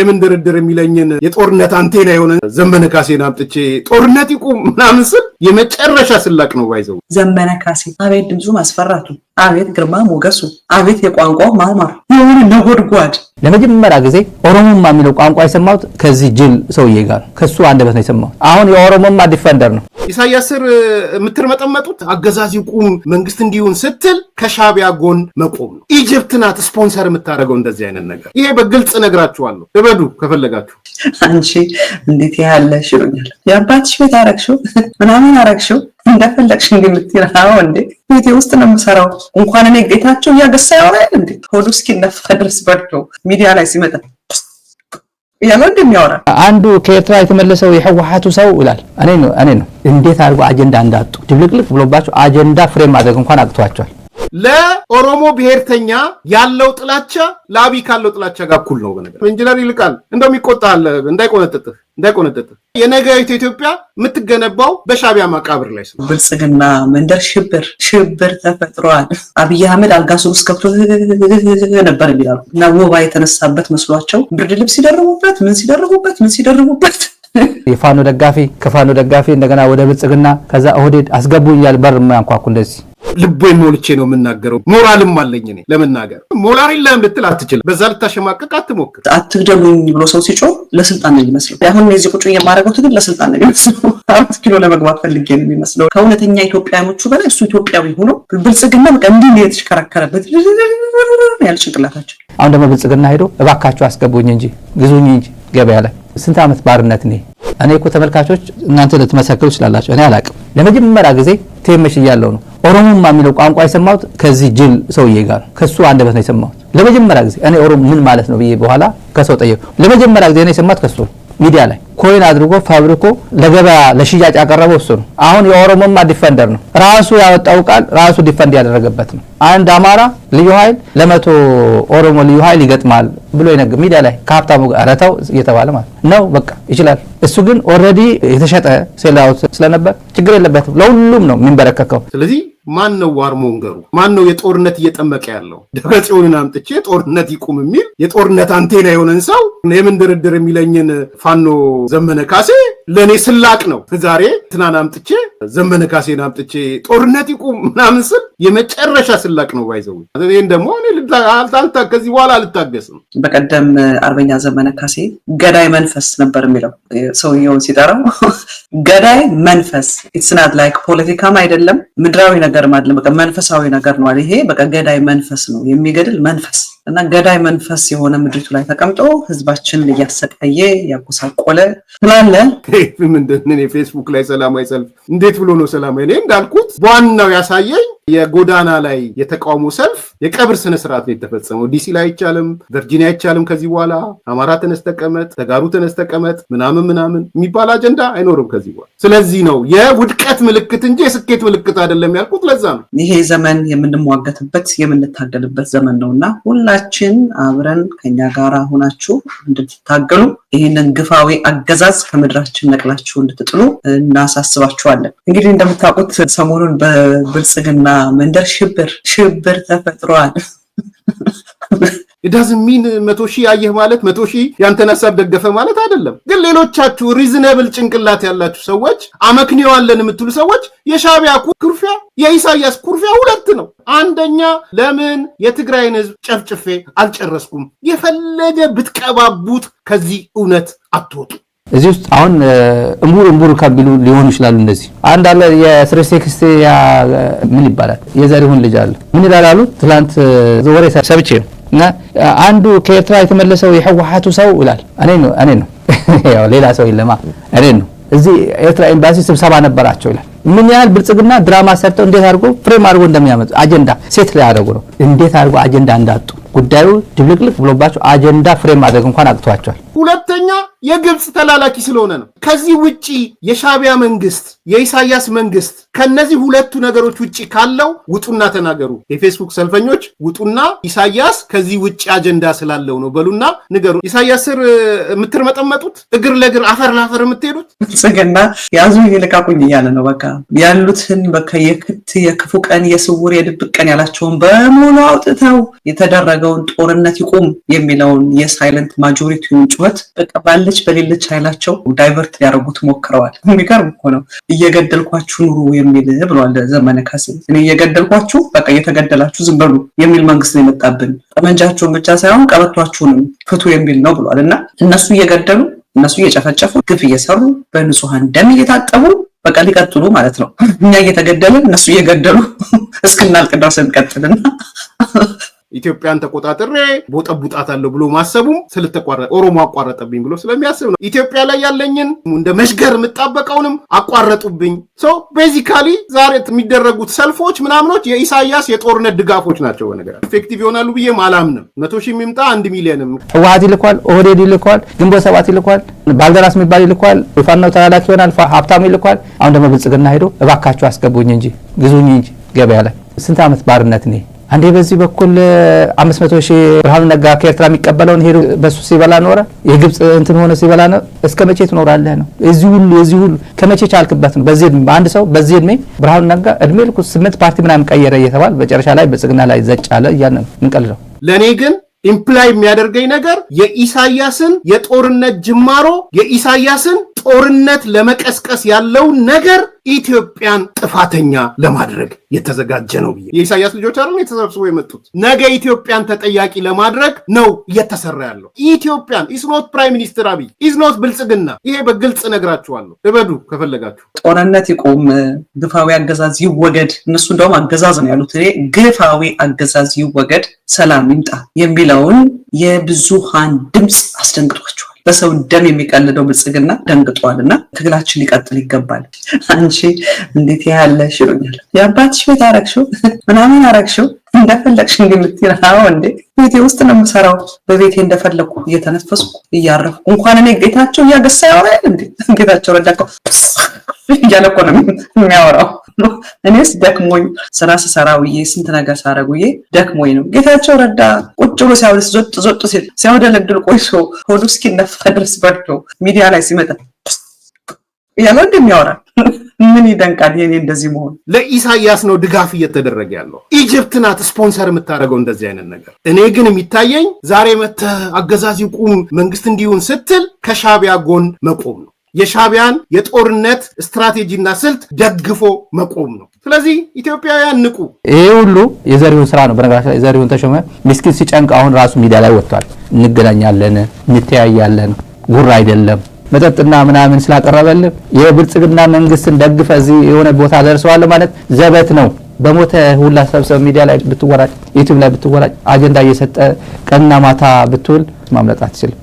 የምን ድርድር የሚለኝን የጦርነት አንቴና የሆነ ዘመነ ካሴን አምጥቼ ጦርነት ይቁም ምናምን ስል የመጨረሻ ስላቅ ነው ባይዘው ዘመነ ካሴ። አቤት ድምፁ ማስፈራቱ፣ አቤት ግርማ ሞገሱ፣ አቤት የቋንቋው ማማር የሆነ ነጎድጓድ። ለመጀመሪያ ጊዜ ኦሮሞማ የሚለው ቋንቋ የሰማሁት ከዚህ ጅል ሰውዬ ጋር ከሱ አንደበት ነው የሰማሁት። አሁን የኦሮሞማ ዲፈንደር ነው ኢሳያስ ስር የምትርመጠመጡት። አገዛዝ ይቁም መንግስት እንዲሁን ስትል ከሻቢያ ጎን መቆም ነው። ኢጅፕት ናት ስፖንሰር የምታደርገው እንደዚህ አይነት ነገር። ይሄ በግልጽ ነግራችኋለሁ፣ እበዱ ከፈለጋችሁ። አንቺ እንዴት ያለ ይሉኛል። የአባትሽ ቤት አረግሽው ምናምን ምን አረግሽው? እንደፈለግሽ እንዲህ እንዴ? ቤቴ ውስጥ ነው የምሰራው። እንኳን እኔ ጌታቸው እያገሳ ያወራል እንዴ? ሆዱ እስኪነፋ ድረስ በርዶ ሚዲያ ላይ ሲመጣ ያለው እንደሚያወራ አንዱ ከኤርትራ የተመለሰው የህወሓቱ ሰው ይላል እኔ ነው እኔ ነው። እንዴት አድርጎ አጀንዳ እንዳጡ ድብልቅልቅ ብሎባቸው አጀንዳ ፍሬም ማድረግ እንኳን አቅቷቸዋል። ለኦሮሞ ብሔርተኛ ያለው ጥላቻ ለአብይ ካለው ጥላቻ ጋር እኩል ነው። በነገር ኢንጂነር ይልቃል እንደውም ይቆጣል። እንዳይቆነጥጥህ እንዳይቆነጥጥህ። የነገሪቱ ኢትዮጵያ የምትገነባው በሻቢያ መቃብር ላይ ብልጽግና መንደር ሽብር ሽብር ተፈጥሯል። አብይ አህመድ አልጋሱ ውስጥ ከብቶ ነበር የሚላሉ እና ወባ የተነሳበት መስሏቸው ብርድ ልብስ ሲደርቡበት ምን ሲደርቡበት ምን ሲደርቡበት የፋኖ ደጋፊ ከፋኖ ደጋፊ እንደገና ወደ ብልጽግና ከዛ ኦህዴድ አስገቡ እያል በር ማንኳኩ እንደዚህ ልቦን ሞልቼ ነው የምናገረው። ሞራልም አለኝ እኔ ለመናገር። ሞራል የለህም ልትል አትችልም። በዛ ልታሸማቀቅ አትሞክር። አትግደሉኝ ብሎ ሰው ሲጮህ ለስልጣን ነው የሚመስለው። አሁን የዚህ ቁጭ የማደርገው ትግል ለስልጣን ነው የሚመስለው። አራት ኪሎ ለመግባት ፈልጌ ነው የሚመስለው። ከእውነተኛ ኢትዮጵያኖቹ በላይ እሱ ኢትዮጵያዊ ሆኖ ብልጽግና በቃ እንዲህ የተሽከረከረበት ያለ ጭንቅላታቸው። አሁን ደግሞ ብልጽግና ሄዶ እባካችሁ አስገቡኝ እንጂ ግዙኝ እንጂ ገበያ ላይ ስንት ዓመት ባርነት እኔ እኔ እኮ ተመልካቾች እናንተ ልትመሰክሩ ትችላላችሁ። እኔ አላቅም። ለመጀመሪያ ጊዜ ቴመሽ እያለው ነው ኦሮሞማ የሚለው ቋንቋ የሰማሁት ከዚህ ጅል ሰውዬ ጋር ከሱ አንደበት ነው የሰማሁት። ለመጀመሪያ ጊዜ እኔ ኦሮሞ ምን ማለት ነው ብዬ በኋላ ከሰው ጠየቁ። ለመጀመሪያ ጊዜ እኔ የሰማሁት ከሱ ሚዲያ ላይ ኮይን አድርጎ ፋብሪኮ ለገበያ ለሽያጭ ያቀረበው እሱ ነው። አሁን የኦሮሞማ ዲፈንደር ነው ራሱ ያወጣው ቃል ራሱ ዲፈንድ ያደረገበት ነው። አንድ አማራ ልዩ ኃይል ለመቶ ኦሮሞ ልዩ ኃይል ይገጥማል ብሎ ይነግ ሚዲያ ላይ ከሀብታሙ ረተው እየተባለ ማለት ነው። በቃ ይችላል። እሱ ግን ኦልሬዲ የተሸጠ ሴላውት ስለነበር ችግር የለበትም። ለሁሉም ነው የሚንበረከከው። ስለዚህ ማን ነው ዋርሞንገሩ? ማን ነው የጦርነት እየጠመቀ ያለው? ደብረጽዮንን አምጥቼ ጦርነት ይቁም የሚል የጦርነት አንቴና የሆነን ሰው የምን ድርድር የሚለኝን ፋኖ ዘመነ ካሴ ለእኔ ስላቅ ነው። ዛሬ ትናን አምጥቼ ዘመነ ካሴን አምጥቼ ጦርነት ይቁም ምናምን ስል የመጨረሻ ስላቅ ነው ባይዘው። ይህን ደግሞ ከዚህ በኋላ አልታገስም። በቀደም አርበኛ ዘመነ ካሴ ገዳይ መንፈስ ነበር የሚለው ሰውየውን ሲጠራው፣ ገዳይ መንፈስ ኢትስናት ላይክ ፖለቲካም አይደለም ምድራዊ ነገርም አይደለም፣ በቃ መንፈሳዊ ነገር ነው። ይሄ በቃ ገዳይ መንፈስ ነው የሚገድል መንፈስ እና ገዳይ መንፈስ የሆነ ምድሪቱ ላይ ተቀምጦ ህዝባችንን እያሰቃየ ያጎሳቆለ ስላለ ምንድን ፌስቡክ ላይ ሰላማዊ ሰልፍ እንዴት ብሎ ነው ሰላማዊ? እኔ እንዳልኩት በዋናው ያሳየኝ የጎዳና ላይ የተቃውሞ ሰልፍ የቀብር ስነስርዓት ነው የተፈጸመው። ዲሲ ላይ አይቻልም፣ ቨርጂኒያ አይቻልም፣ ከዚህ በኋላ አማራ ተነስተቀመጥ ተጋሩ ተነስተቀመጥ ምናምን ምናምን የሚባል አጀንዳ አይኖርም ከዚህ በኋላ። ስለዚህ ነው የውድቀት ምልክት እንጂ የስኬት ምልክት አይደለም ያልኩት ለዛ ነው። ይሄ ዘመን የምንሟገትበት የምንታገልበት ዘመን ነው እና ሁላችን አብረን ከኛ ጋር ሆናችሁ እንድትታገሉ ይህንን ግፋዊ አገዛዝ ከምድራችን ነቅላችሁ እንድትጥሉ እናሳስባችኋለን። እንግዲህ እንደምታውቁት ሰሞኑን በብልጽግና መንደር ሽብር ሽብር ተፈጥሯል። ዳዝ ሚን መቶ ሺህ አየህ ማለት መቶ ሺህ ያንተን ሀሳብ ደገፈ ማለት አይደለም። ግን ሌሎቻችሁ ሪዝነብል ጭንቅላት ያላችሁ ሰዎች፣ አመክንዮዋለን የምትሉ ሰዎች የሻቢያ ኩርፊያ የኢሳያስ ኩርፊያ ሁለት ነው። አንደኛ ለምን የትግራይን ህዝብ ጨፍጭፌ አልጨረስኩም? የፈለገ ብትቀባቡት ከዚህ እውነት አትወጡ። እዚህ ውስጥ አሁን እምቡር እምቡር ከሚሉ ሊሆኑ ይችላሉ። እንደዚህ አንድ አለ የስሬሴክስቴ ምን ይባላል የዘሪሁን ልጅ አለ ምን ይላል አሉ ትላንት ወሬ ሰብቼ ነው እና አንዱ ከኤርትራ የተመለሰው የህወሓቱ ሰው ይላል እኔ ነው እኔ ነው ያው ሌላ ሰው የለማ እኔ ነው እዚህ ኤርትራ ኤምባሲ ስብሰባ ነበራቸው ይላል። ምን ያህል ብልጽግና ድራማ ሰርተው እንዴት አድርጎ ፍሬም አድርጎ እንደሚያመጡ አጀንዳ ሴት ላይ አደረጉ ነው። እንዴት አድርጎ አጀንዳ እንዳጡ ጉዳዩ ድብልቅልቅ ብሎባቸው አጀንዳ ፍሬም ማድረግ እንኳን አቅቷቸዋል። ሁለተኛ የግብፅ ተላላኪ ስለሆነ ነው። ከዚህ ውጪ የሻቢያ መንግስት፣ የኢሳያስ መንግስት ከነዚህ ሁለቱ ነገሮች ውጪ ካለው ውጡና ተናገሩ። የፌስቡክ ሰልፈኞች ውጡና ኢሳያስ ከዚህ ውጪ አጀንዳ ስላለው ነው በሉና ንገሩ። ኢሳያስ ስር የምትርመጠመጡት እግር ለእግር አፈር ለአፈር የምትሄዱት ጽግና ያዙ ይልቃቁኝ እያለ ነው። በቃ ያሉትን በቃ የክት የክፉ ቀን የስውር የድብቅ ቀን ያላቸውን በሙሉ አውጥተው የተደረገውን ጦርነት ይቁም የሚለውን የሳይለንት ማጆሪቲውን ህይወት በቃ ባለች በሌለች ኃይላቸው ዳይቨርት ሊያደርጉት ሞክረዋል። የሚገርም እኮ ነው። እየገደልኳችሁ ኑሩ የሚል ብሏል ዘመነ ካሴ። እኔ እየገደልኳችሁ በቃ እየተገደላችሁ ዝም በሉ የሚል መንግስት ነው የመጣብን። ጠመንጃችሁን ብቻ ሳይሆን ቀበቷችሁንም ፍቱ የሚል ነው ብሏል። እና እነሱ እየገደሉ እነሱ እየጨፈጨፉ ግፍ እየሰሩ በንጹሐን ደም እየታጠቡ በቃ ሊቀጥሉ ማለት ነው። እኛ እየተገደልን እነሱ እየገደሉ እስክናልቅ ድረስ እንቀጥልና ኢትዮጵያን ተቆጣጥሬ ቦጠቡጣታለሁ ብሎ ማሰቡም ስለተቋረጠ ኦሮሞ አቋረጠብኝ ብሎ ስለሚያስብ ነው። ኢትዮጵያ ላይ ያለኝን እንደ መሽገር የምጣበቀውንም አቋረጡብኝ። ሰው ቤዚካሊ ዛሬ የሚደረጉት ሰልፎች ምናምኖች የኢሳያስ የጦርነት ድጋፎች ናቸው። በነገር ኢፌክቲቭ ይሆናሉ ብዬ አላምንም። መቶ ሺህ የሚምጣ አንድ ሚሊዮንም ህወሀት ይልኳል፣ ኦህዴድ ይልኳል፣ ግንቦት ሰባት ይልኳል፣ ባልደራስ የሚባል ይልኳል፣ ፋናው ተላላኪ ይሆናል፣ ሀብታሙ ይልኳል። አሁን ደግሞ ብልጽግና ሄዶ እባካችሁ አስገቡኝ እንጂ ግዙኝ እንጂ ገበያ ላይ ስንት ዓመት ባርነት ነ አንዴ በዚህ በኩል 500 ሺህ ብርሃኑ ነጋ ከኤርትራ የሚቀበለውን ሄዱ በሱ ሲበላ ኖረ። የግብፅ እንትን ሆነ ሲበላ ነው። እስከ መቼ ትኖራለህ ነው? እዚህ ሁሉ እዚህ ሁሉ ከመቼ ቻልክበት ነው? በዚህ እድሜ አንድ ሰው በዚህ እድሜ ብርሃኑ ነጋ እድሜ ልኩ ስምንት ፓርቲ ምናምን ቀየረ እየተባለ መጨረሻ ላይ ብልጽግና ላይ ዘጭ አለ እያለ ነው ምንቀልለው። ለእኔ ግን ኢምፕላይ የሚያደርገኝ ነገር የኢሳያስን የጦርነት ጅማሮ የኢሳያስን ጦርነት ለመቀስቀስ ያለውን ነገር ኢትዮጵያን ጥፋተኛ ለማድረግ የተዘጋጀ ነው ብዬ የኢሳያስ ልጆች አ የተሰብስቦ የመጡት ነገ ኢትዮጵያን ተጠያቂ ለማድረግ ነው እየተሰራ ያለው። ኢትዮጵያን ኢስኖት ፕራይም ሚኒስትር አብይ ኢስኖት ብልጽግና። ይሄ በግልጽ ነግራችኋለሁ። እበዱ ከፈለጋችሁ። ጦርነት ይቁም፣ ግፋዊ አገዛዝ ይወገድ። እነሱ እንደውም አገዛዝ ነው ያሉት። እኔ ግፋዊ አገዛዝ ይወገድ፣ ሰላም ይምጣ የሚለውን የብዙሃን ድምፅ አስደንግጧቸው በሰው ደም የሚቀልደው ብልጽግና ደንግጧል እና ትግላችን ሊቀጥል ይገባል። አንቺ እንዴት ያለሽ ይሉኛል። የአባትሽ ቤት አረግሽው ምናምን አረግሽው እንደፈለግሽ እንዲህ የምትይል እንዴ ቤቴ ውስጥ ነው የምሰራው። በቤቴ እንደፈለግኩ እየተነፈስኩ እያረፍኩ እንኳን እኔ ጌታቸው እያገሳ ያወራል እንዴ ጌታቸው ረዳ እያለ እኮ ነው የሚያወራው። ነው። እኔስ ደክሞኝ ስራ ስሰራ ውዬ ስንት ነገር ሳረግ ውዬ ደክሞኝ ነው። ጌታቸው ረዳ ቁጭ ብሎ ሲያወደስ ዞጥ ዞጥ ሲል ሲያወደለድል ቆይሶ ሆዱ እስኪነፋ ድረስ በርቶ ሚዲያ ላይ ሲመጣ እያለ እንደሚያወራ ምን ይደንቃል? የኔ እንደዚህ መሆን ለኢሳያስ ነው ድጋፍ እየተደረገ ያለው። ኢጅፕት ናት ስፖንሰር የምታደርገው እንደዚህ አይነት ነገር። እኔ ግን የሚታየኝ ዛሬ መተህ አገዛዝ ይቁም መንግስት እንዲሁን ስትል ከሻቢያ ጎን መቆም ነው። የሻቢያን የጦርነት ስትራቴጂና ስልት ደግፎ መቆም ነው። ስለዚህ ኢትዮጵያውያን ንቁ። ይሄ ሁሉ የዘሪሁን ስራ ነው። በነገራችን ላይ የዘሪሁን ተሾመ ምስኪን ሲጨንቅ አሁን ራሱ ሚዲያ ላይ ወጥቷል። እንገናኛለን፣ እንተያያለን፣ ጉራ አይደለም መጠጥና ምናምን ስላቀረበልን የብልጽግና መንግስትን ደግፈ እዚህ የሆነ ቦታ ደርሰዋል ማለት ዘበት ነው። በሞተ ሁላ ሰብሰብ ሚዲያ ላይ ብትወራጭ፣ ዩቲዩብ ላይ ብትወራጭ፣ አጀንዳ እየሰጠ ቀንና ማታ ብትውል ማምለጥ አትችልም።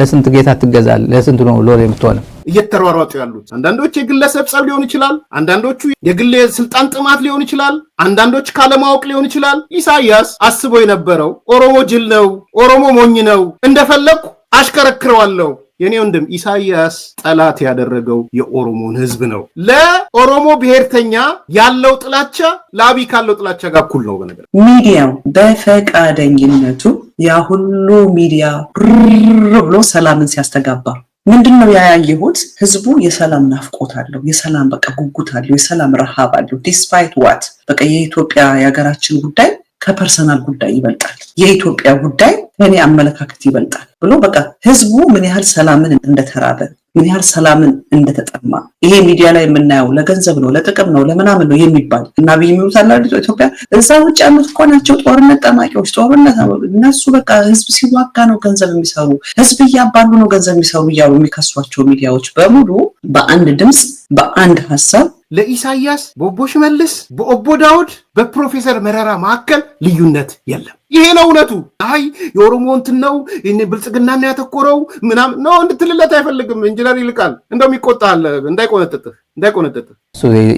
ለስንት ጌታ ትገዛል? ለስንት ነው ሎል የምትሆነ እየተሯሯጡ ያሉት አንዳንዶች የግለሰብ ጸብ ሊሆን ይችላል። አንዳንዶቹ የግል ስልጣን ጥማት ሊሆን ይችላል። አንዳንዶች ካለማወቅ ሊሆን ይችላል። ኢሳያስ አስቦ የነበረው ኦሮሞ ጅል ነው፣ ኦሮሞ ሞኝ ነው፣ እንደፈለግኩ አሽከረክረዋለሁ የኔ ወንድም ኢሳያስ ጠላት ያደረገው የኦሮሞን ህዝብ ነው። ለኦሮሞ ብሔርተኛ ያለው ጥላቻ ለአብይ ካለው ጥላቻ ጋር እኩል ነው። በነገር ሚዲያው በፈቃደኝነቱ ያ ሁሉ ሚዲያ ር ብሎ ሰላምን ሲያስተጋባ ምንድን ነው ያያየሁት? ህዝቡ የሰላም ናፍቆት አለው፣ የሰላም በቃ ጉጉት አለው፣ የሰላም ረሃብ አለው። ዲስፓይት ዋት በቃ የኢትዮጵያ የሀገራችን ጉዳይ ከፐርሰናል ጉዳይ ይበልጣል፣ የኢትዮጵያ ጉዳይ ከኔ አመለካከት ይበልጣል ብሎ በቃ ህዝቡ ምን ያህል ሰላምን እንደተራበ ምን ያህል ሰላምን እንደተጠማ ይሄ ሚዲያ ላይ የምናየው ለገንዘብ ነው፣ ለጥቅም ነው፣ ለምናምን ነው የሚባል እና ብይ የሚሉት አላ ኢትዮጵያ እዛ ውጭ ያሉት እኮ ናቸው ጦርነት ጠማቂዎች፣ ጦርነት እነሱ በቃ ህዝብ ሲዋጋ ነው ገንዘብ የሚሰሩ ህዝብ እያባሉ ነው ገንዘብ የሚሰሩ እያሉ የሚከሷቸው ሚዲያዎች በሙሉ በአንድ ድምፅ በአንድ ሀሳብ ለኢሳያስ በኦቦ ሽመልስ በኦቦ ዳውድ በፕሮፌሰር መረራ መካከል ልዩነት የለም። ይሄ ነው እውነቱ። አይ የኦሮሞ እንትን ነው ብልጽግናን ያተኮረው ምናምን ነው እንድትልለት አይፈልግም። ኢንጂነር ይልቃል እንደውም ይቆጣል። እንዳይቆነጥጥህ እንዳይቆነጥጥህ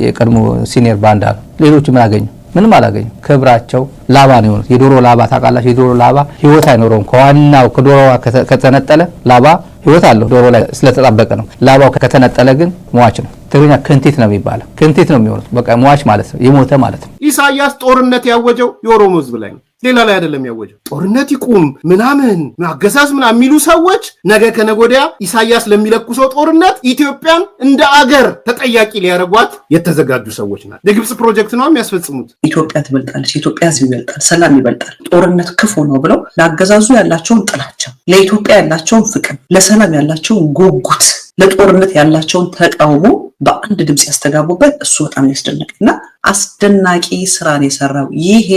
የቀድሞ ሲኒየር ባንዳ ሌሎች ምን አገኙ? ምንም አላገኙም። ክብራቸው ላባ ነው የሆኑት። የዶሮ ላባ ታውቃላችሁ? የዶሮ ላባ ህይወት አይኖረውም። ከዋናው ከዶሮዋ ከተነጠለ ላባ ህይወት አለው። ዶሮ ላይ ስለተጣበቀ ነው። ላባው ከተነጠለ ግን ሟች ነው። ትግርኛ ክንቲት ነው የሚባለው። ክንቲት ነው የሚሆኑት። በቃ ሟች ማለት ነው፣ የሞተ ማለት ነው። ኢሳያስ ጦርነት ያወጀው የኦሮሞ ህዝብ ላይ ነው። ሌላ ላይ አይደለም ያወጀው። ጦርነት ይቁም ምናምን አገዛዝ ምናምን የሚሉ ሰዎች ነገ ከነጎዲያ ኢሳያስ ለሚለኩሰው ጦርነት ኢትዮጵያን እንደ አገር ተጠያቂ ሊያደርጓት የተዘጋጁ ሰዎች ናት። የግብፅ ፕሮጀክት ነው የሚያስፈጽሙት። ኢትዮጵያ ትበልጣለች፣ የኢትዮጵያ ሕዝብ ይበልጣል፣ ሰላም ይበልጣል፣ ጦርነት ክፉ ነው ብለው ለአገዛዙ ያላቸውን ጥላቻ፣ ለኢትዮጵያ ያላቸውን ፍቅር፣ ለሰላም ያላቸውን ጉጉት፣ ለጦርነት ያላቸውን ተቃውሞ በአንድ ድምፅ ያስተጋቡበት እሱ በጣም ያስደነቅ እና አስደናቂ ስራን የሰራው ይሄ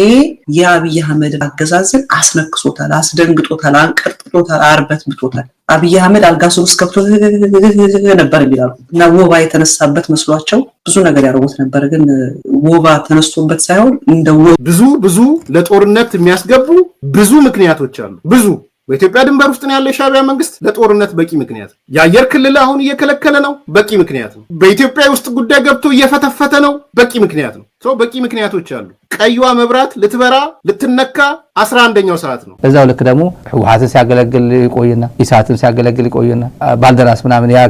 የአብይ አህመድ አገዛዝን አስነክሶታል፣ አስደንግጦታል፣ አንቀርጥቶታል፣ አርበትብቶታል። አብይ አህመድ አልጋ ስር ውስጥ ገብቶ ነበር የሚላሉ እና ወባ የተነሳበት መስሏቸው ብዙ ነገር ያደርጉት ነበር። ግን ወባ ተነስቶበት ሳይሆን እንደ ብዙ ብዙ ለጦርነት የሚያስገቡ ብዙ ምክንያቶች አሉ ብዙ በኢትዮጵያ ድንበር ውስጥ ነው ያለው የሻዕቢያ መንግስት ለጦርነት በቂ ምክንያት ነው። የአየር ክልል አሁን እየከለከለ ነው፣ በቂ ምክንያት ነው። በኢትዮጵያ ውስጥ ጉዳይ ገብቶ እየፈተፈተ ነው፣ በቂ ምክንያት ነው። ሰው በቂ ምክንያቶች አሉ። ቀይዋ መብራት ልትበራ ልትነካ አስራ አንደኛው ሰዓት ነው። እዛው ልክ ደግሞ ህወሓትን ሲያገለግል ይቆይና ኢሳትን ሲያገለግል ይቆይና ባልደራስ ምናምን ያ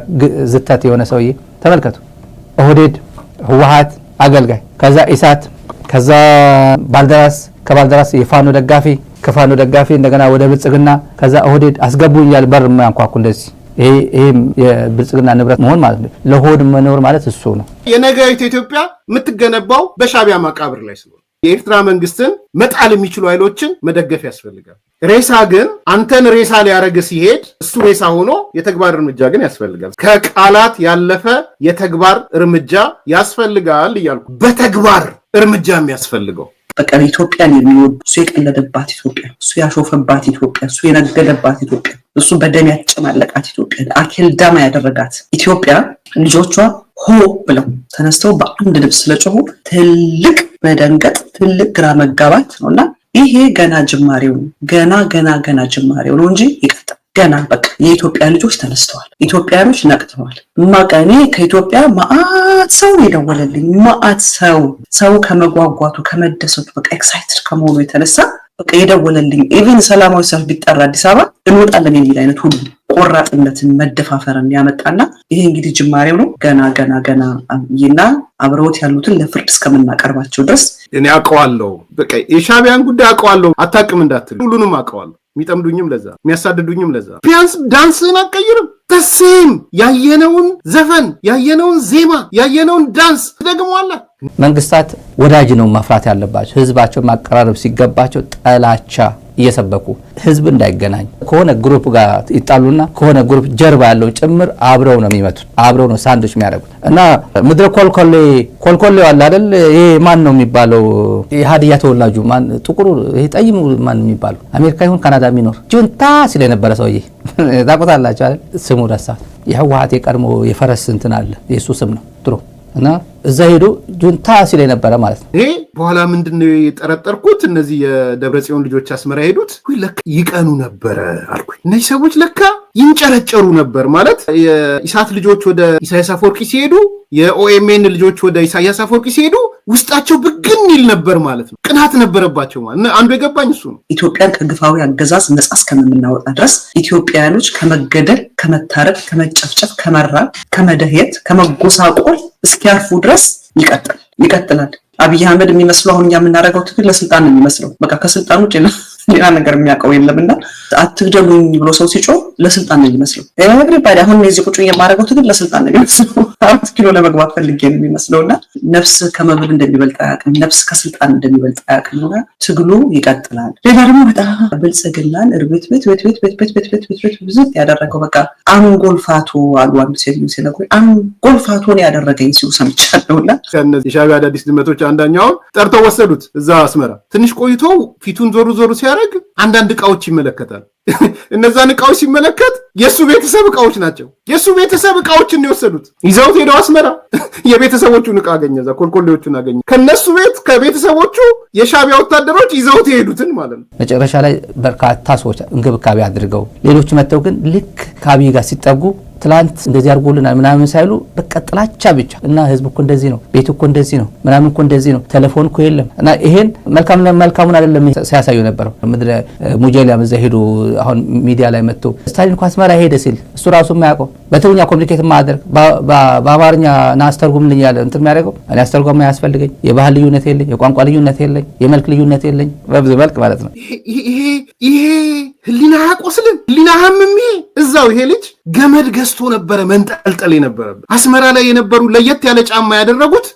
ዝተት የሆነ ሰውዬ ተመልከቱ። ኦህዴድ፣ ህወሓት አገልጋይ፣ ከዛ ኢሳት፣ ከዛ ባልደራስ፣ ከባልደራስ የፋኖ ደጋፊ ከፋኖ ደጋፊ እንደገና ወደ ብልጽግና ከዛ ኦህዴድ አስገቡኝ እያል በር ማንኳኩ እንደዚህ ይሄም የብልጽግና ንብረት መሆን ማለት ነው። ለሆድ መኖር ማለት እሱ ነው። የነገሪቱ ኢትዮጵያ የምትገነባው በሻቢያ መቃብር ላይ ስለሆነ የኤርትራ መንግስትን መጣል የሚችሉ ኃይሎችን መደገፍ ያስፈልጋል። ሬሳ ግን አንተን ሬሳ ሊያደረግ ሲሄድ እሱ ሬሳ ሆኖ የተግባር እርምጃ ግን ያስፈልጋል። ከቃላት ያለፈ የተግባር እርምጃ ያስፈልጋል እያልኩ በተግባር እርምጃ የሚያስፈልገው በቃ ኢትዮጵያን የሚወዱ እሱ የቀለደባት ኢትዮጵያ፣ እሱ ያሾፈባት ኢትዮጵያ፣ እሱ የነገደባት ኢትዮጵያ፣ እሱ በደም ያጨማለቃት ኢትዮጵያ፣ አኬልዳማ ያደረጋት ኢትዮጵያ ልጆቿ ሆ ብለው ተነስተው በአንድ ልብስ ስለጮሁ ትልቅ መደንገጥ፣ ትልቅ ግራ መጋባት ነው እና ይሄ ገና ጅማሬው ነው። ገና ገና ገና ጅማሬው ነው እንጂ ገና በቃ የኢትዮጵያ ልጆች ተነስተዋል። ኢትዮጵያኖች ነቅተዋል። ማቀኔ ከኢትዮጵያ ማአት ሰው የደወለልኝ ማአት ሰው ሰው ከመጓጓቱ ከመደሰቱ በቃ ኤክሳይትድ ከመሆኑ የተነሳ በቃ የደወለልኝ ኢቨን ሰላማዊ ሰልፍ ቢጠራ አዲስ አበባ እንወጣለን የሚል አይነት ሁሉ ቆራጥነትን መደፋፈርን ያመጣና ይሄ እንግዲህ ጅማሬው ነው። ገና ገና ገና ይና አብረውት ያሉትን ለፍርድ እስከምናቀርባቸው ድረስ እኔ አውቀዋለሁ። በቃ የሻቢያን ጉዳይ አውቀዋለሁ። አታውቅም እንዳትል ሁሉንም አውቀዋለሁ። የሚጠምዱኝም ለዛ የሚያሳድዱኝም ለዛ። ቢያንስ ዳንስን አትቀይርም? ተሴም ያየነውን ዘፈን ያየነውን ዜማ ያየነውን ዳንስ ትደግመዋለህ። መንግስታት ወዳጅ ነው መፍራት ያለባቸው፣ ህዝባቸው ማቀራረብ ሲገባቸው ጠላቻ እየሰበኩ ህዝብ እንዳይገናኝ ከሆነ ግሩፕ ጋር ይጣሉና ከሆነ ግሩፕ ጀርባ ያለውን ጭምር አብረው ነው የሚመቱት፣ አብረው ነው ሳንዶች የሚያደርጉት እና ምድረ ኮልኮሌ ኮልኮሌ ዋለ አይደል? ይሄ ማን ነው የሚባለው? የሀዲያ ተወላጁ ማን ጥቁሩ፣ ይሄ ጠይሙ ማን የሚባለው? አሜሪካ ይሁን ካናዳ የሚኖር ጁንታ ሲል የነበረ ሰውዬ ታውቁታላችሁ አይደል? ስሙ ረሳ። የህወሀት የቀድሞ የፈረስ እንትን አለ የእሱ ስም ነው ድሮ እና እዛ ሄዶ ጁንታ ሲለ ነበረ ማለት ነው። ይሄ በኋላ ምንድን ነው የጠረጠርኩት፣ እነዚህ የደብረጽዮን ልጆች አስመራ ሄዱት ለካ ይቀኑ ነበረ አልኩኝ። እነዚህ ሰዎች ለካ ይንጨረጨሩ ነበር ማለት የኢሳት ልጆች ወደ ኢሳያስ አፈወርቂ ሲሄዱ፣ የኦኤምኤን ልጆች ወደ ኢሳያስ አፈወርቂ ሲሄዱ ውስጣቸው ብግን ይል ነበር ማለት ነው። ቅናት ነበረባቸው ማለት ነው። አንዱ የገባኝ እሱ ነው። ኢትዮጵያን ከግፋዊ አገዛዝ ነጻ እስከምናወጣ ድረስ ኢትዮጵያውያኖች ከመገደል፣ ከመታረቅ፣ ከመጨፍጨፍ፣ ከመራብ፣ ከመደሄት፣ ከመጎሳቆል እስኪያርፉ ድረስ ድረስ ይቀጥል ይቀጥላል። አብይ አህመድ የሚመስለው አሁን እኛ የምናደርገው ትግል ለስልጣን ነው የሚመስለው። በቃ ከስልጣን ውጭ ሌላ ነገር የሚያውቀው የለም እና አትግደሉኝ ብሎ ሰው ሲጮ ለስልጣን ነው የሚመስለው። ኤቨሪባዲ አሁን የዚህ ቁጭ የማደርገው ትግል ለስልጣን ነው የሚመስለው። አራት ኪሎ ለመግባት ፈልጌ ነው የሚመስለው እና ነፍስ ከመብል እንደሚበልጥ አያውቅም፣ ነፍስ ከስልጣን እንደሚበልጥ አያውቅም እና ትግሉ ይቀጥላል። ሌላ ደግሞ በጣም ብልጽግናን እርቤት ብዙ ያደረገው በቃ አንጎልፋቶ አሉ አንዱ ሴት ሲነግሩ አንጎልፋቶን ያደረገኝ ሲሉ ሰምቻለሁ እና ከነዚህ የሻዕቢያ አዳዲስ ድመቶች አንዳኛውን ጠርተው ወሰዱት እዛ አስመራ። ትንሽ ቆይቶ ፊቱን ዞሩ ዞሩ ሲያ ሲያደርግ አንዳንድ እቃዎች ይመለከታል። እነዛን እቃዎች ሲመለከት የእሱ ቤተሰብ እቃዎች ናቸው። የእሱ ቤተሰብ እቃዎችን የወሰዱት ይዘውት ሄደው አስመራ የቤተሰቦቹን እቃ አገኘ፣ እዛ ኮልኮሌዎቹን አገኘ። ከነሱ ቤት ከቤተሰቦቹ የሻቢያ ወታደሮች ይዘውት የሄዱትን ማለት ነው። መጨረሻ ላይ በርካታ ሰዎች እንክብካቤ አድርገው ሌሎች መጥተው ግን ልክ ከአብይ ጋር ሲጠጉ ትላንት እንደዚህ አድርጎልናል ምናምን ሳይሉ በቃ ጥላቻ ብቻ እና ህዝብ እኮ እንደዚህ ነው፣ ቤት እኮ እንደዚህ ነው፣ ምናምን እኮ እንደዚህ ነው፣ ቴሌፎን እኮ የለም እና ይሄን መልካም መልካሙን አይደለም ሲያሳዩ ነበረው። ምድረ ሙጀሊያም እዛ ሄዶ አሁን ሚዲያ ላይ መጥቶ ስታሊን እኮ አስመራ ሄደ ሲል እሱ ራሱ የማያውቀው በትግርኛ ኮሚኒኬት ማድረግ በአማርኛ ና አስተርጉምልኝ ያለ እንትን የሚያደርገው እኔ አስተርጓሚ አያስፈልገኝ። የባህል ልዩነት የለኝ፣ የቋንቋ ልዩነት የለኝ፣ የመልክ ልዩነት የለኝ፣ በብዙ መልክ ማለት ነው ይሄ ህሊና ያቆስልን ህሊና ሀምሜ እዛው ይሄ ልጅ ገመድ ገዝቶ ነበረ መንጠልጠል የነበረበት። አስመራ ላይ የነበሩ ለየት ያለ ጫማ ያደረጉት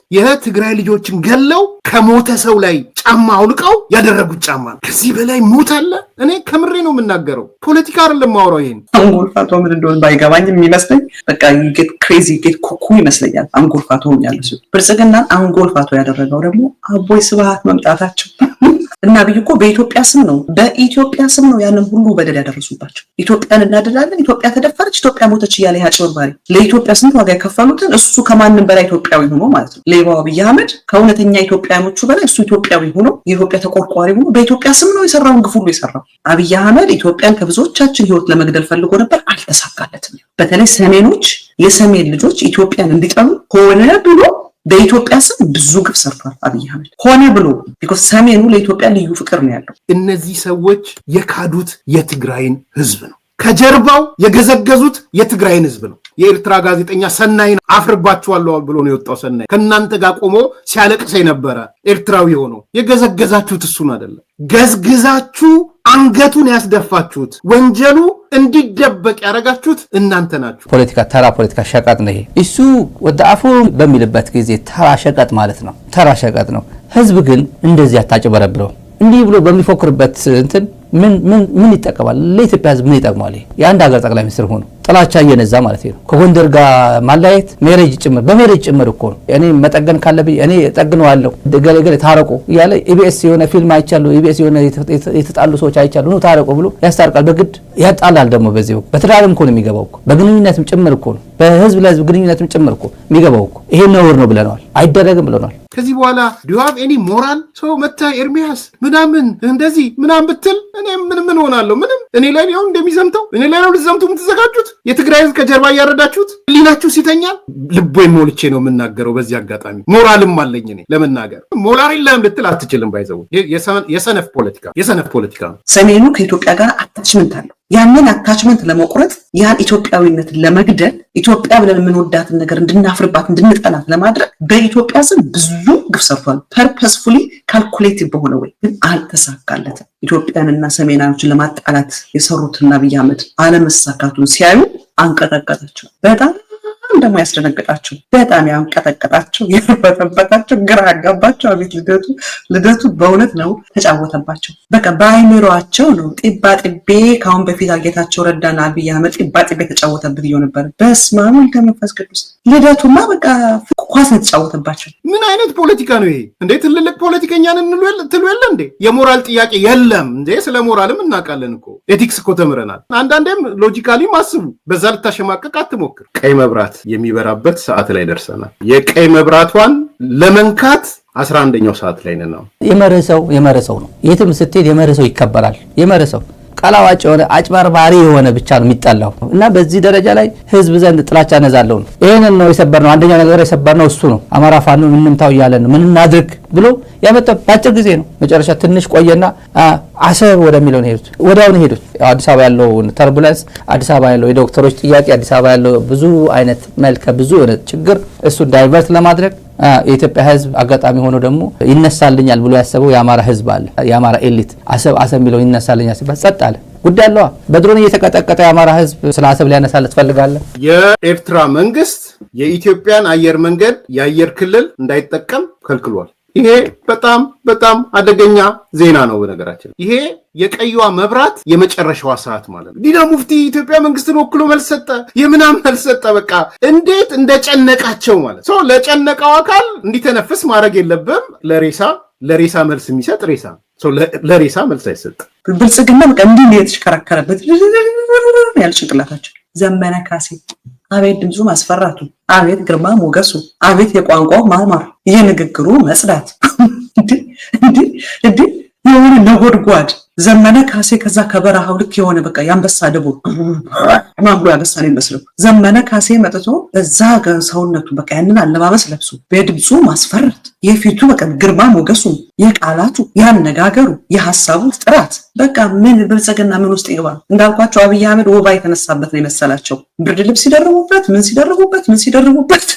ትግራይ ልጆችን ገለው ከሞተ ሰው ላይ ጫማ አውልቀው ያደረጉት ጫማ ነው። ከዚህ በላይ ሞት አለ? እኔ ከምሬ ነው የምናገረው። ፖለቲካ አይደለም ማውራው። ይሄን አንጎልፋቶ ምን እንደሆነ ባይገባኝ የሚመስለኝ በቃ ጌት ክሬዚ ጌት ኩኩ ይመስለኛል። አንጎልፋቶ ያለ ብልጽግናን አንጎልፋቶ ያደረገው ደግሞ አቦይ ስብሃት መምጣታቸው እና አብይ እኮ በኢትዮጵያ ስም ነው በኢትዮጵያ ስም ነው ያንን ሁሉ በደል ያደረሱባቸው። ኢትዮጵያን እናደላለን ኢትዮጵያ ተደፈረች፣ ኢትዮጵያ ሞተች እያለ ይህ አጭበርባሪ ለኢትዮጵያ ስንት ዋጋ የከፈሉትን እሱ ከማንም በላይ ኢትዮጵያዊ ሆኖ ማለት ነው ሌባው አብይ አህመድ ከእውነተኛ ኢትዮጵያኖቹ በላይ እሱ ኢትዮጵያዊ ሆኖ የኢትዮጵያ ተቆርቋሪ ሆኖ በኢትዮጵያ ስም ነው የሰራውን ግፍ ሁሉ የሰራው። አብይ አህመድ ኢትዮጵያን ከብዙዎቻችን ህይወት ለመግደል ፈልጎ ነበር፣ አልተሳካለትም። በተለይ ሰሜኖች የሰሜን ልጆች ኢትዮጵያን እንዲጠሉ ሆነ ብሎ በኢትዮጵያ ስም ብዙ ግብ ሰርቷል አብይ አህመድ ሆነ ብሎ ቢኮዝ ሰሜኑ ለኢትዮጵያ ልዩ ፍቅር ነው ያለው። እነዚህ ሰዎች የካዱት የትግራይን ህዝብ ነው። ከጀርባው የገዘገዙት የትግራይን ህዝብ ነው። የኤርትራ ጋዜጠኛ ሰናይን አፍርባችኋለዋል ብሎ ነው የወጣው። ሰናይ ከእናንተ ጋር ቆሞ ሲያለቅስ የነበረ ኤርትራዊ ሆኖ የገዘገዛችሁት እሱን አይደለም፣ ገዝግዛችሁ አንገቱን ያስደፋችሁት ወንጀሉ እንዲደበቅ ያደረጋችሁት እናንተ ናችሁ። ፖለቲካ ተራ ፖለቲካ ሸቀጥ ነው ይሄ። እሱ ወደ አፉ በሚልበት ጊዜ ተራ ሸቀጥ ማለት ነው፣ ተራ ሸቀጥ ነው። ህዝብ ግን እንደዚህ አታጭበረብረው። እንዲህ ብሎ በሚፎክርበት እንትን ምን ይጠቀማል? ለኢትዮጵያ ሕዝብ ምን ይጠቅማል? የአንድ ሀገር ጠቅላይ ሚኒስትር ሆኖ ጥላቻ እየነዛ ማለት ነው። ከጎንደር ጋር ማለያየት ሜሬጅ ጭምር በሜሬጅ ጭምር እኮ ነው። እኔ መጠገን ካለብኝ እኔ እጠግነዋለሁ፣ ገለገለ ታረቁ እያለ ኢቢኤስ የሆነ ፊልም አይቻሉ ኢቢኤስ የሆነ የተጣሉ ሰዎች አይቻሉ ኑ ታረቁ ብሎ ያስታርቃል። በግድ ያጣላል። ደግሞ በዚህ በትዳርም እኮ ነው የሚገባው፣ በግንኙነትም ጭምር እኮ ነው፣ በህዝብ ለህዝብ ግንኙነትም ጭምር እኮ የሚገባው እኮ። ይሄ ነውር ነው ብለነዋል፣ አይደረግም ብለነዋል። ከዚህ በኋላ ዱ ሃቭ ኤኒ ሞራል ሰው መታ ኤርሚያስ ምናምን እንደዚህ ምናምን ብትል እኔ ምን ምን ሆናለሁ? ምንም እኔ ላይ ነው እንደሚዘምተው እኔ ላይ ነው ልዘምቱ የምትዘጋጁት። የትግራይ ህዝብ ከጀርባ እያረዳችሁት ሊናችሁ ሲተኛል። ልቦይ ሞልቼ ነው የምናገረው። በዚህ አጋጣሚ ሞራልም አለኝ እኔ ለመናገር ሞራል ለም ልትል አትችልም። ባይዘው የሰነፍ ፖለቲካ የሰነፍ ፖለቲካ ነው። ሰሜኑ ከኢትዮጵያ ጋር አታችመንት አለው ያንን አታችመንት ለመቁረጥ ያን ኢትዮጵያዊነትን ለመግደል ኢትዮጵያ ብለን የምንወዳትን ነገር እንድናፍርባት እንድንጠላት ለማድረግ በኢትዮጵያ ስም ብዙ ግፍ ሰርቷል። ፐርፐስፉሊ ካልኩሌቲቭ በሆነ ወይ ግን አልተሳካለትም። ኢትዮጵያንና ሰሜናኖችን ለማጣላት የሰሩትና አብይ አህመድ አለመሳካቱን ሲያዩ አንቀጠቀጣቸው በጣም በጣም ደግሞ ያስደነግጣቸው፣ በጣም ያንቀጠቀጣቸው፣ ያርበተበታቸው፣ ግራ ያጋባቸው አቤት ልደቱ ልደቱ በእውነት ነው ተጫወተባቸው። በቃ በአይምሯቸው ነው ጢባ ጢቤ። ከአሁን በፊት አጌታቸው ረዳን አብይ አህመድ ጢባ ጢቤ ተጫወተበት እየው ነበር። በስመ ከመንፈስ ቅዱስ። ልደቱማ በቃ ኳስ ነው የተጫወተባቸው። ምን አይነት ፖለቲካ ነው ይሄ እንዴ? ትልልቅ ፖለቲከኛን ትሉ የለ እንዴ? የሞራል ጥያቄ የለም እንዴ? ስለ ሞራልም እናውቃለን እኮ ኤቲክስ እኮ ተምረናል። አንዳንዴም ሎጂካሊ ማስቡ። በዛ ልታሸማቀቅ አትሞክር። ቀይ መብራት የሚበራበት ሰዓት ላይ ደርሰናል። የቀይ መብራቷን ለመንካት አስራ አንደኛው ሰዓት ላይ ነው። የመረሰው የመረሰው ነው። የትም ስትሄድ የመረሰው ይከበራል። የመረሰው ቀላዋጭ የሆነ አጭበርባሪ የሆነ ብቻ ነው የሚጠላው እና በዚህ ደረጃ ላይ ህዝብ ዘንድ ጥላቻ ነዛለው ነው። ይህንን ነው የሰበርነው። አንደኛው ነገር የሰበርነው እሱ ነው። አማራ ፋኖ ምንምታው እያለን ነው ምን እናድርግ ብሎ ያመጣው በአጭር ጊዜ ነው። መጨረሻ ትንሽ ቆየና አሰብ ወደሚለው ነው ሄዱት፣ ወዲያውኑ ሄዱት። አዲስ አበባ ያለው ተርቡላንስ፣ አዲስ አበባ ያለው የዶክተሮች ጥያቄ፣ አዲስ አበባ ያለው ብዙ አይነት መልከ ብዙ የሆነ ችግር እሱን ዳይቨርት ለማድረግ የኢትዮጵያ ህዝብ አጋጣሚ ሆኖ ደግሞ ይነሳልኛል ብሎ ያሰበው የአማራ ህዝብ አለ። የአማራ ኤሊት አሰብ አሰብ የሚለው ይነሳልኛል ሲባል ጸጥ አለ። ጉዳይ አለዋ። በድሮን እየተቀጠቀጠ የአማራ ህዝብ ስለ አሰብ ሊያነሳለ ትፈልጋለ? የኤርትራ መንግስት የኢትዮጵያን አየር መንገድ የአየር ክልል እንዳይጠቀም ከልክሏል። ይሄ በጣም በጣም አደገኛ ዜና ነው። በነገራችን ይሄ የቀይዋ መብራት የመጨረሻዋ ሰዓት ማለት ነው። ዲና ሙፍቲ ኢትዮጵያ መንግስትን ወክሎ መልስ ሰጠ፣ የምናም መልስ ሰጠ። በቃ እንዴት እንደጨነቃቸው ማለት ሰው ለጨነቀው አካል እንዲተነፍስ ማድረግ የለብም። ለሬሳ ለሬሳ መልስ የሚሰጥ ሬሳ ለሬሳ መልስ አይሰጥ። ብልጽግና በቃ እንዲህ የተሽከረከረበት ያለ ጭንቅላታቸው ዘመነ ካሴ አቤት ድምፁ ማስፈራቱ፣ አቤት ግርማ ሞገሱ፣ አቤት የቋንቋው ማማር፣ የንግግሩ መጽዳት እንዲህ እንዲህ የሆነ ነጎድጓድ ዘመነ ካሴ ከዛ ከበረሃው ልክ የሆነ በቃ የአንበሳ ደቦ ማምሎ ያነሳ ነው ይመስለው። ዘመነ ካሴ መጥቶ በዛ ሰውነቱ በቃ ያንን አለባበስ ለብሶ በድምፁ ማስፈረት የፊቱ በቃ ግርማ ሞገሱ፣ የቃላቱ፣ የአነጋገሩ፣ የሀሳቡ ጥራት በቃ ምን ብልጽግና ምን ውስጥ ይገባል? እንዳልኳቸው አብይ አህመድ ወባ የተነሳበት ነው የመሰላቸው። ብርድ ልብስ ሲደርቡበት ምን ሲደርቡበት ምን ሲደርቡበት